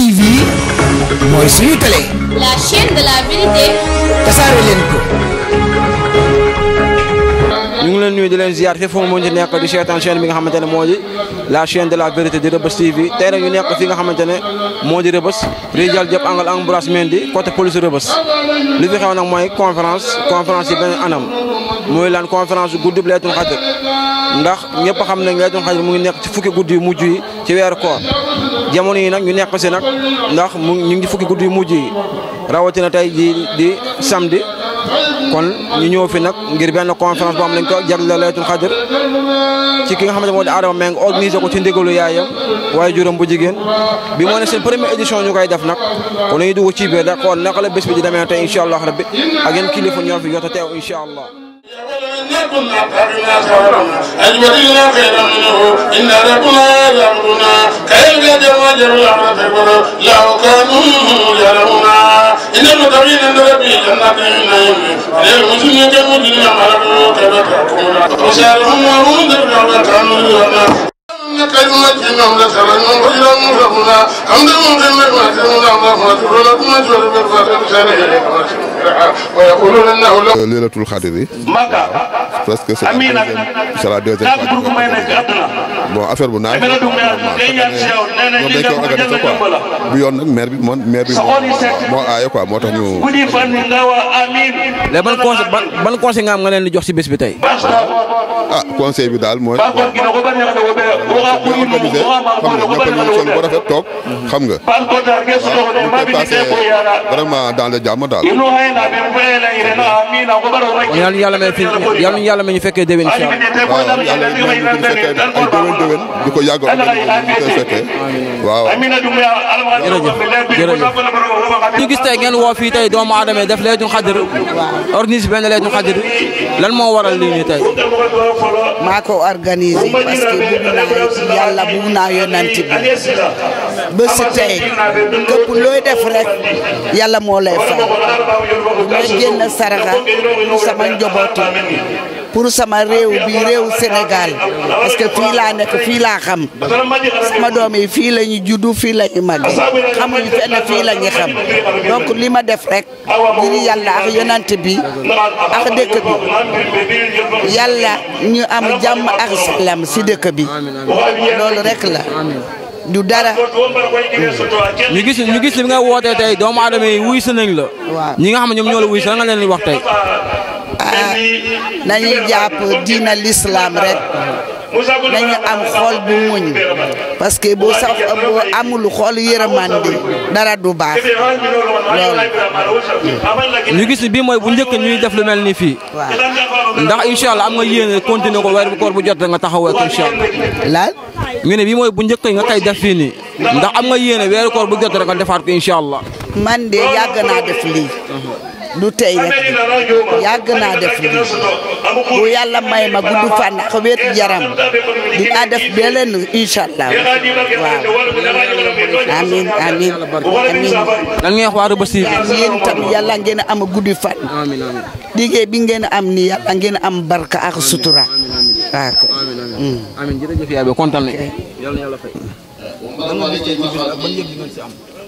TV mooy suñu télé. la ko. ñu ngi leen nuyu di leen ziar fi fu mu mën nekk di seetaan chaîne bi nga xamante ne moo di la chaîne de la vérité di Reubeuss TV tey nag ñu nekk fi nga xamante ne moo di Reubeuss Rijal Diop angle Ambroise Mendy côté police Reubeuss li fi xew nag mooy conférence conférence yi beneen anam. mooy lan conférence guddi bi laytul xadr ndax ñëpp xam ne nañ laytul xadr mu ngi nekk ci fukki guddi yu mujj yi ci weeru koor jamono yi nag ñu nekk si nag ndax mu ñu ngi fukki guddi yu mujj yi rawatina tey di di samedi kon ñu ñëw fi nag ngir benn conférence boo xam ne dañ ko jagleel laylatul xadr ci ki nga xamante moo di Adama Mbengue organisé ko ci ndigalu yaayam waaye juróom bu jigéen bi moo ne seen première édition ñu koy def nag kon dañuy dugg ci biir nag xool naka la bés bi di demee tey incha allah rabbi ak yéen kilifa ñoo fi jot a teew incha allah كنا قبلنا خبرنا أجمعين خيرا منه إن ربنا يأمرنا كيف يتواجر الأرض لو كانوا يرون إن المتقين عند ربي جنات النعيم للمسلمين كالمجرمين مرضوا كبتكم وسالهم وهم ذكر وكانوا يرون كلمة النملة فلنوم إلى ليلة الخدري مكة bon bu ah conseil bi daal mooy. waaw ñoo ko organisé xam nga ñëpp a ñëw seen bu rafet toog. xam nga waaw ñu passé vraiment dans le jàmm daal. yal na yàlla may fi yal na yàlla may ñu fekkee déwén incha allah. waaw yàlla may ñu gën fekkee ay déwén déwén di ko yàgg ñu koy fekkee waaw. jërëjëf jërëjëf. ñu gis tey ngeen woo fii tey doomu aadama def laylatul xadr. waaw organise benn laylatul xadr lan moo waral lii nii tey. maa ko organisé parce que bugg naa yàlla bugg naa yonanti bi ba si tey képp looy def rek yàlla moo lay fay ma génn saraxa sama njabootu pour sama réew bi réew Sénégal parce que fii laa nekk fii laa xam sama doom yi fii la ñu juddu fii la ñu màgg xamuñu fenn fii la ñu xam donc li ma def rek ngir yàlla ak yonant bi ak dëkk bi yàlla ñu am jàmm ak salaam si dëkk bi loolu rek la du dara. ñu gis ñu gis wootee tey doomu aadama yi wuy sa nañ la. ñi nga xam ne ñoom ñoo wuy sa nga leen wax tey. nañuy jàpp diina l'islam rek nañu am xool bu muñ parce boo bu sax bu amul xol yërmande dara du baax loolu. ñu gis bi mooy bu njëkk ñuy def lu mel ni fii. waaw ndax incha allah am nga yéene continuer ko weer bu koor bu jot nga taxawoo ak incha allah. ne bii mooy bu njëkk nga koy def fii nii. ndax am nga yéene weeru koor bu jot rek nga defaat ko incha allah. man de yàgg naa def lii. du tey rek yàgg naa def lii bu yàlla may ma gudd fànn ak wéet yaram dinaa def beleen incha allah waaw amiin amiin amiin lan ngay wax waa Rebeuss tam yàlla ngeen am gudd fànn liggéey bi ngeen am ni yàlla ngeen am barka ak sutura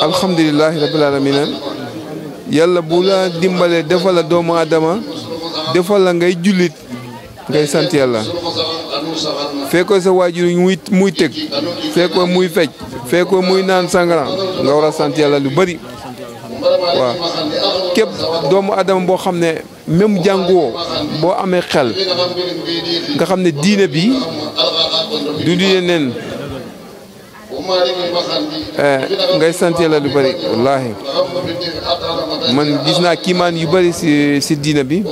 alhamdulilahi rabbil yàlla bu la dimbalee defal la doomu aadama defal la ngay jullit ngay sant yàlla fekkoo sa waajur muy muy tëg fekkoo muy fecc fekkoo muy naan sangara nga war a sant yàlla lu bari waaw képp doomu adama boo xam ne même jàngoo boo amee xel nga xam ne diine bi du di neen Eh, ngay sant yàlla lu bari wallaahi man gis naa kiimaan yu bari si si diina bi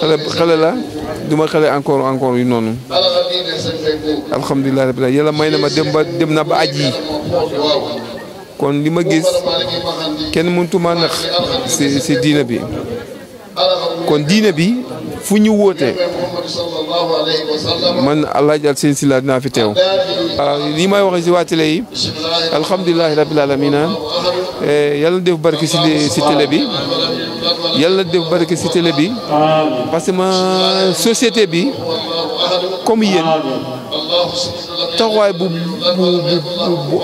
xale xale la duma ma xale encore encore yu noonu alhamdulilah rabbil yàlla may na ma dem ba dem na ba aj yi kon li ma gis kenn mëntuma nax si si diina bi kon diina bi fu ñu woote man allah jal seen sila dinaa fi teew waaw ah, lii may waxee si waa télé yi alhamdulilahi rabil alamina eh, yàlla def barke si si bi yàlla def barke si télé bi parce que ma société bi comme yéen taxawaay bu bu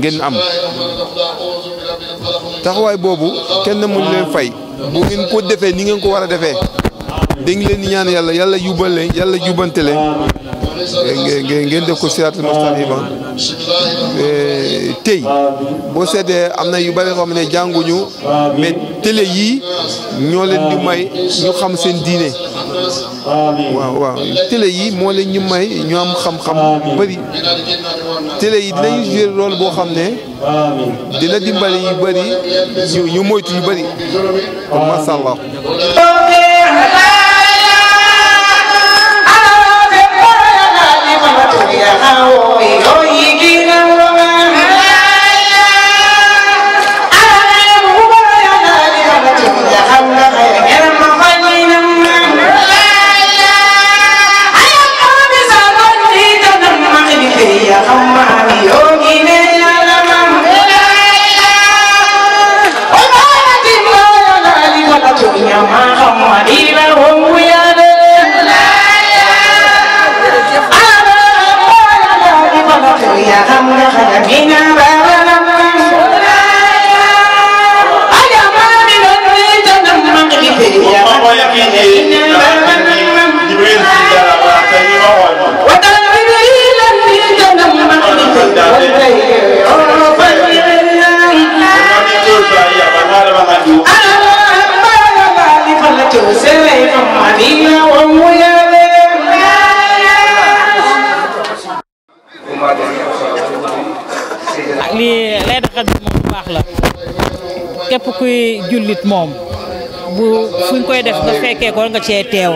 ngeen am taxawaay boobu kenn mënu leen fay bu ngeen ko defee ni ngeen ko war a defee dañ leen ñaan yàlla yàlla yubal leen yàlla jubante leen ngeen def ko siraatul mustaqiim eh, tey boo seddee am na yu bëri yoo xam ne jànguñu mais télé yii ñoo leen di may ñu xam seen diine waaw waaw yi moo leen ñu may ñu am xam-xam bëri télé yi dinañu jouer boo xam ne dina dimbali yu bëri ñu moytu yu bëri kon kuy jullit moom bu fuñ koy def nga fekkee ko nga cee teew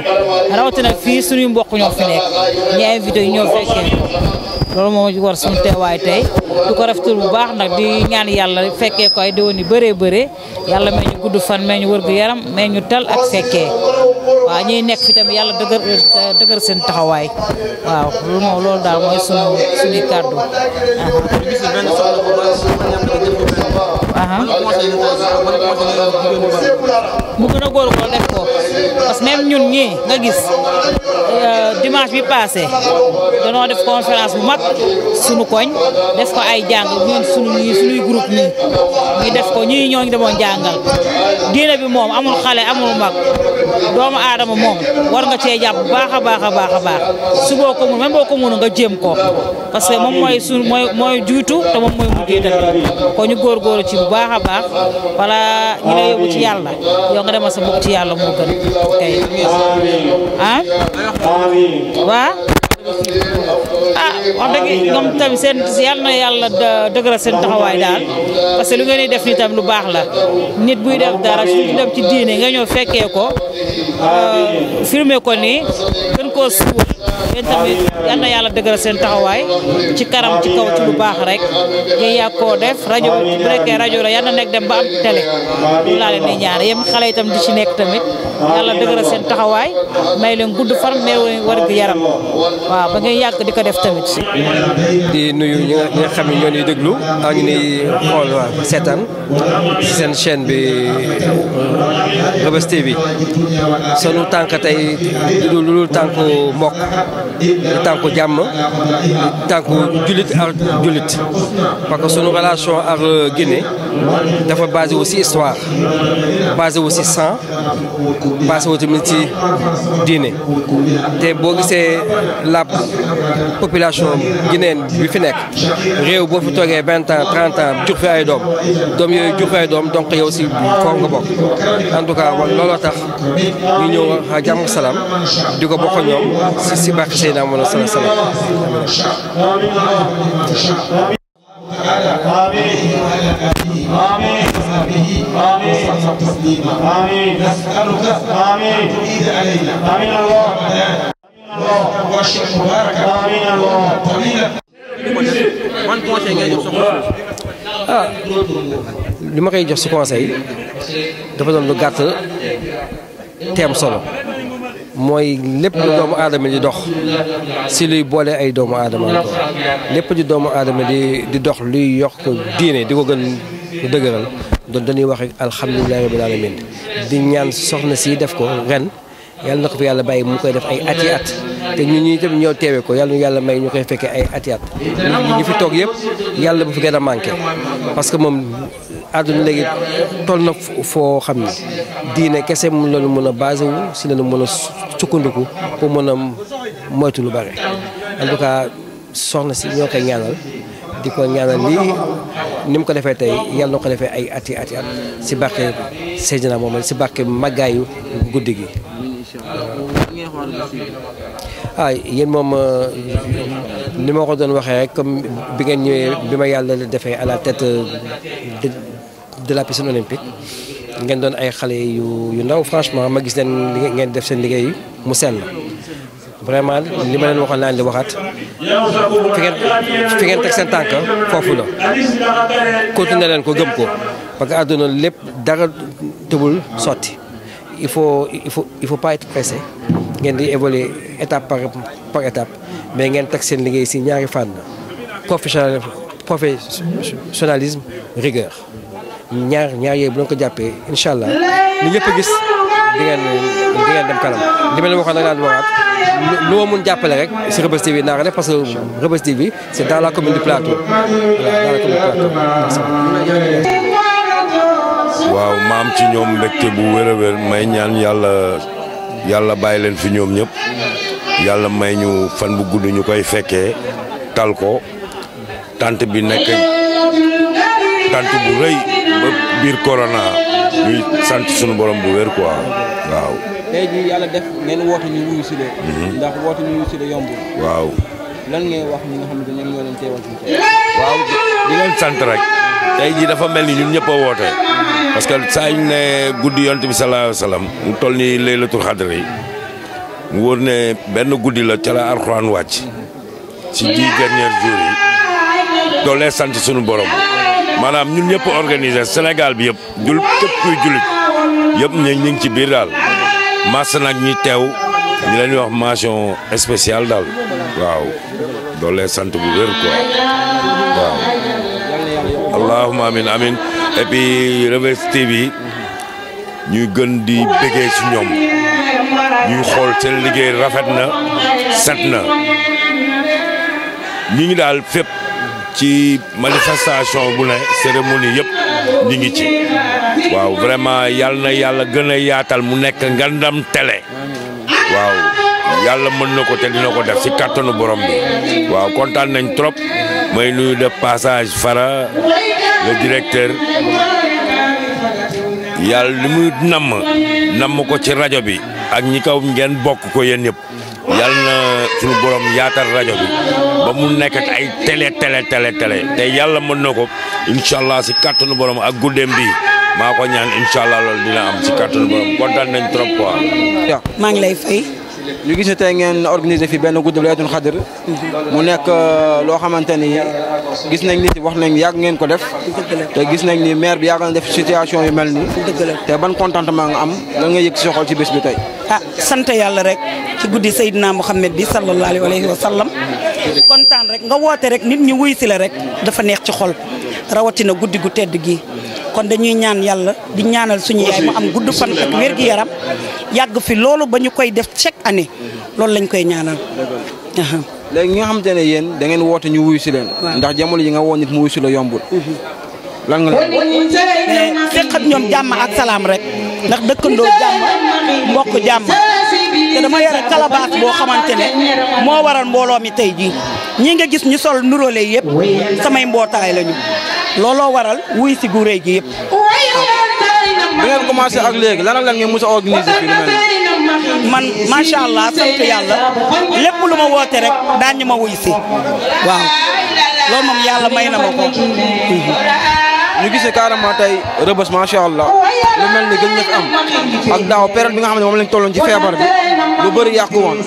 rawatina fii suñuy mbokk ñoo fi nekk ñi invité yi ñoo fekkee ko loolu moo ci war suñu teewaay tey du ko rafetlu bu baax nag di ñaan yàlla fekkee ko ay déwén yu bëree bëre yàlla may ñu gudd fan may ñu wër gu yaram may ñu tal ak fekkee waaw ñuy nekk fi tamit yàlla dëgër dëgër seen taxawaay waaw loolu moom loolu daal mooy sunu suñuy kàddu mu gën a góor ko def ko parce que même ñun ñii nga gis euh, dimanche bi passé danoo def conférence bu mag sunu koñ def ko ay jàng ñun sunu ñii sunuy groupe nii ñu def ko ñii ñooñu demoon jàngal diine bi moom amul xale amul mag doomu aadama xarama moom war nga cee jàpp baax a baax a baax a baax su boo ko mun même boo ko munu nga jéem ko parce que moom mooy su mooy mooy juutu te moom mooy mujjee tamit ko ñu góorgóorlu ci bu baax a baax wala ñu lay yóbbu ci yàlla yow nga demal sa bopp ci yàlla moo gën kay ah waa wax dëgg ñoom tamit seen yal na yàlla dëgëral seen taxawaay daal parce que lu ngeen def nii tam lu baax la nit buy def dara su dem ci diine nga ñëw fekkee ko euh, firme ko ni gën koo suul yéen tamit yàlla dëgëral seen taxawaay ci karam ci kaw ci lu baax rek nga yàgg koo def rajo bu fekkee rajo la yàlla na nekk dem ba am télé loolu laa leen di ñaan yéen xale yi di ci nekk tamit. yàlla dëgëral seen taxawaay may leen gudd far may leen yaram waaw ba ngay yàgg di ko def tamit. di nuyu ñi nga xam ne ñoo déglu ak ñu ñuy xool seetaan ci seen chaîne bi Reubeuss TV sunu tànk tey lu dul tànku mbokk tànku jàmm di tànku jullit ak jullit parce que sunu relation ak Guinée dafa basé wu ci histoire basé ci sang. passé wu tamit ci diine te boo gisee la population guinéenne bi fi nekk réew boo fi toogee vingt ans trente ans fi ay doom doom yooyu jur fi ay doom donc yow si foofu nga bokk en tout looloo tax ñu ñëw a jàmm salaam di ko bokk ñoom si si bàq sey salaam به li ma koy jox si conseil dafa doon lu gàtt teem solo mooy lépp lu doomu aadama di dox si luy boole ay doomu aadama la lépp lu doomu aadama di di dox luy yokk diine di ko gën dëgëral. donc dañuy wax rek alhamdulilah rabbil alamin di ñaan soxna si def ko ren yàlla na fi yàlla bàyyi mu koy def ay ati at te ñun ñii tam ñoo teewee ko yàlla yàlla may ñu koy ay ati at ñu fi toog yëpp yàlla bu fi gën a parce que moom àdduna legi toll na foo xam ne diine kese mu la mën a basé wu si la mëna mën ko sukkandiku pour mën a moytu lu bare en tout cas soxna si ñoo koy ñaanal. di ko ñaanal lii ni mu ko defee tey yàlla na ko defee ay ati ati at si barke Seydina moom si barke màggaayu guddi gi. ah yéen moom euh, ni ma ko doon waxee rek comme bi ngeen ñëwee bi ma yàlla defee à la tête de de la piscine olympique ngeen doon ay xale yu yu ndaw franchement ma gis leen ngeen def seen liggéey mu sell. vraiment li ma leen waxoon laa leen di waxaat fi ngeen fi ngeen foofu la continuer leen ko gëm ko parce que àdduna lépp dara tëbul sotti il faut il faut il pas être pressé ngeen di évoluer étape par étape mais ngeen teg seen liggéey si ñaari fànn professionnel professionnalisme rigueur ñaar ñaar yooyu bu leen ko jàppee incha allah li ñëpp gis di dem kanam li ma leen waxoon nag di waxaat lu ma mun rek si Reubeuss TV naa ko def parce que Reubeuss TV c'est dans la commune du Plateau voilà dans la commune du Plateau. waaw ci ñom mbégte bu wér wér may ñaan yalla yalla bay leen fi ñom ñëpp yalla may ñu fan bu gudd ñu koy féké tal ko tante bi nek tante bu reuy bir corona ñu sant suñu borom bu wér quoi waaw tey jii yàlla def ngeen wote ñu wuyu ci le ndax wote ñu wuyu si leen mhm. yombul. waaw lan ngay wax ñi nga xamne ñoo leen tay suñu ci waaw di leen sant rek. tey jii dafa melni ñun ñepp wote parce que sa ñu ne guddi yonent bi alayhi wasallam mu toll ni laylatul xadr yi. mu wor ne ben guddi la ci la alxuraan wacc ci di dernier jour yi. do leen sant suñu borom. manam ñun ñepp organiser senegal bi yëpp. jul képp kuy julit yëpp ñi ngi ci bir dal massa n'a ñi teew ñu leen wax mention spéciale dal. waaw dans les bu wér quoi waaw allahuma amin amin et puis Reverse TV ñuy gën di bëggee ci ñoom ñuy xool seen liggéey rafet na set na ñu ci manifestation bu cérémonie yëpp ñi ngi ci waaw vraiment yàlla na yàlla gën a yaatal mu nekk Ngandam tele waaw yàlla mën na ko te dina ko def si kattanu borom bi waaw kontaan nañ trop may nuyu de passage Fara le directeur yàlla li mu namm namm ko ci rajo bi ak ñi kaw ngeen bokk ko yéen yëpp yàlla na suñu borom yaatal rajo bi ba mu nekk ay télé télé télé télé te yàlla mën na ko incha allah si kàttanu borom ak guddeem bi maa ko ñaan incha allah loolu dina am si kàttanu borom kontaan nañ trop quoi. maa ngi fay. ñu gis ne tey ngeen organisé fi benn guddi laylatul xadr mu nekk euh, loo xamante ni gis nañ ni wax nañ yàgg ngeen ko def te gis nañ ni maire bi yàgg na def situation yu mel nii te ban contentement nga am lan nga yëg si soxol ci bés bi tey ah sant yàlla rek ci guddi Seydina Mouhamed bi sallallahu alayhi wa sallam kontaan rek nga woote rek nit ñi wuy si la rek dafa neex ci xool rawatina guddi gu tedd gi kon dañuy ñaan yalla di ñaanal suñu yaay mu am guddu fan ak wergu yaram yag fi lolu bañu koy def chaque année lolu lañ koy ñaanal légui nga xam tane yeen da ngeen wote ñu wuy ci len ndax jamono yi nga woo nit mu wuy ci la yombul mhm. lan nga eh, fekk ak ñoom jàmm ak salam rek ndax dëkkandoo jamm mbokk jamm te dama yara kalabaas bo xamantene mo waral mbolo mi tay ji ñii nga gis ñu sol nuróole yëpp samay mbootaay lañu looloo waral wuy si gu rëy gi yëpp. bi ngeen commencé ak léegi lan ak lan ngeen mos a organiser fii lu man macha allah sant yàlla lépp lu ma woote rek daañu ma wuy si waaw loolu moom yàlla may na ma ko. ñu gis ne carrément tey rëbës macha allah lu mel ni gën na fi am ak daaw période bi nga xam ne moom lañ tolloon ci feebar bi lu bëri yàqu woon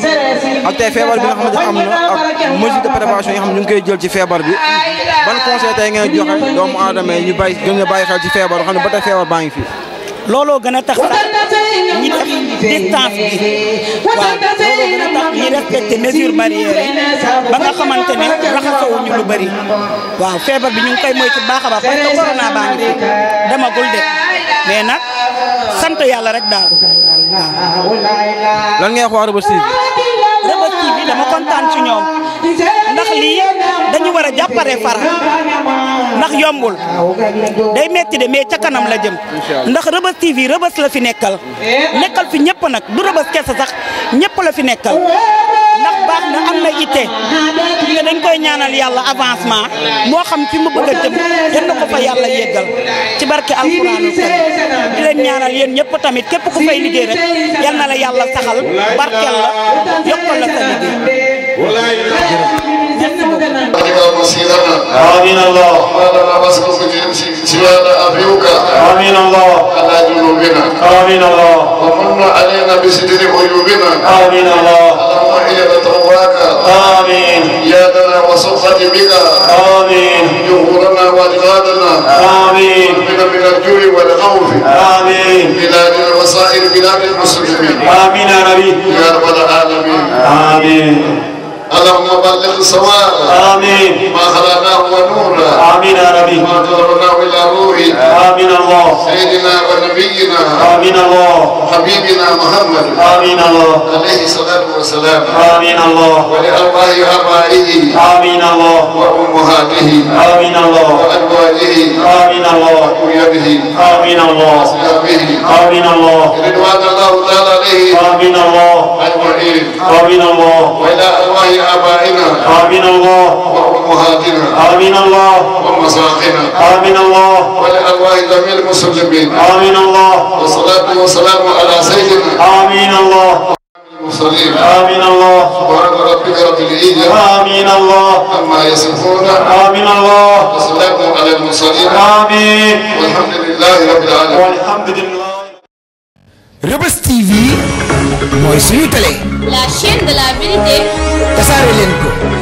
ak tey feebar bi nga xam ne am na ak mesure de prévention xam ne ñu ngi koy jël ci feebar bi ban conseil tey ngay joxe doomu aadama yi ñu bàyyi gën a bàyyi xel ci feebar xam ne ba tey feebar baa ngi fi. a distance bi waaw loolu dana tax ñu respecté mesure barrière yi ba nga xamante ne raxasowuñu lu bari waaw feebar bi ñu ngi koy moytu baax a baax parce que corona demagul de mais nag sant yàlla rek daal lan ngay wax waa Rebeuss TV Reubeuss TV dama kontaan ci ñoom ndax lii dañu war a jàppare Fara ndax yombul day metti de mais ca kanam la jëm ndax Reubeuss TV Reubeuss la fi nekkal nekkal fi ñëpp nag du Reubeuss kese sax ñëpp la fi nekkal jàpp na am na itte te dañ koy ñaanal yàlla avancement moo xam fi mu bëgg a jëm yal na ko fa yàlla yeggal ci barke alxuraan di leen ñaanal yéen ñëpp tamit képp ku fay liggéey rek yal na la yàlla saxal barkel la yokkal la sa liggéey آمين الله سواد أبيك آمين الله على جنوبنا آمين الله ومن علينا بستر عيوبنا آمين الله اللهم إياك رضاك آمين يا لنا وسخط بك آمين جهورنا وأجدادنا آمين ربنا من الجوع والخوف آمين بلادنا وسائر بلاد المسلمين آمين يا رب العالمين آمين مبلغ سواد آمين ما خلقناه ونورا آمين يا ربي ما جرناه إلى روحي آمين الله سيدنا ونبينا آمين الله حبيبنا محمد آمين الله عليه الصلاة والسلام آمين الله ولأرواح آبائه آمين الله وأمهاته آمين الله وأزواجه آمين الله وأبيه آمين الله وأصحابه آمين الله رضوان الله تعالى عليه آمين الله أجمعين آمين الله وإلى أرواح آبائه غنائنا آمين الله وأمهاتنا آمين الله ومساقنا آمين الله ولأرواح جميع المسلمين آمين الله والصلاة والسلام على سيدنا آمين الله المرسلين آمين الله سبحان ربك رب العزة آمين الله عما يصفون آمين الله وسلام على المرسلين آمين والحمد لله رب العالمين والحمد لله Rubus تي في suñu télé. La chaîne de कसं रेल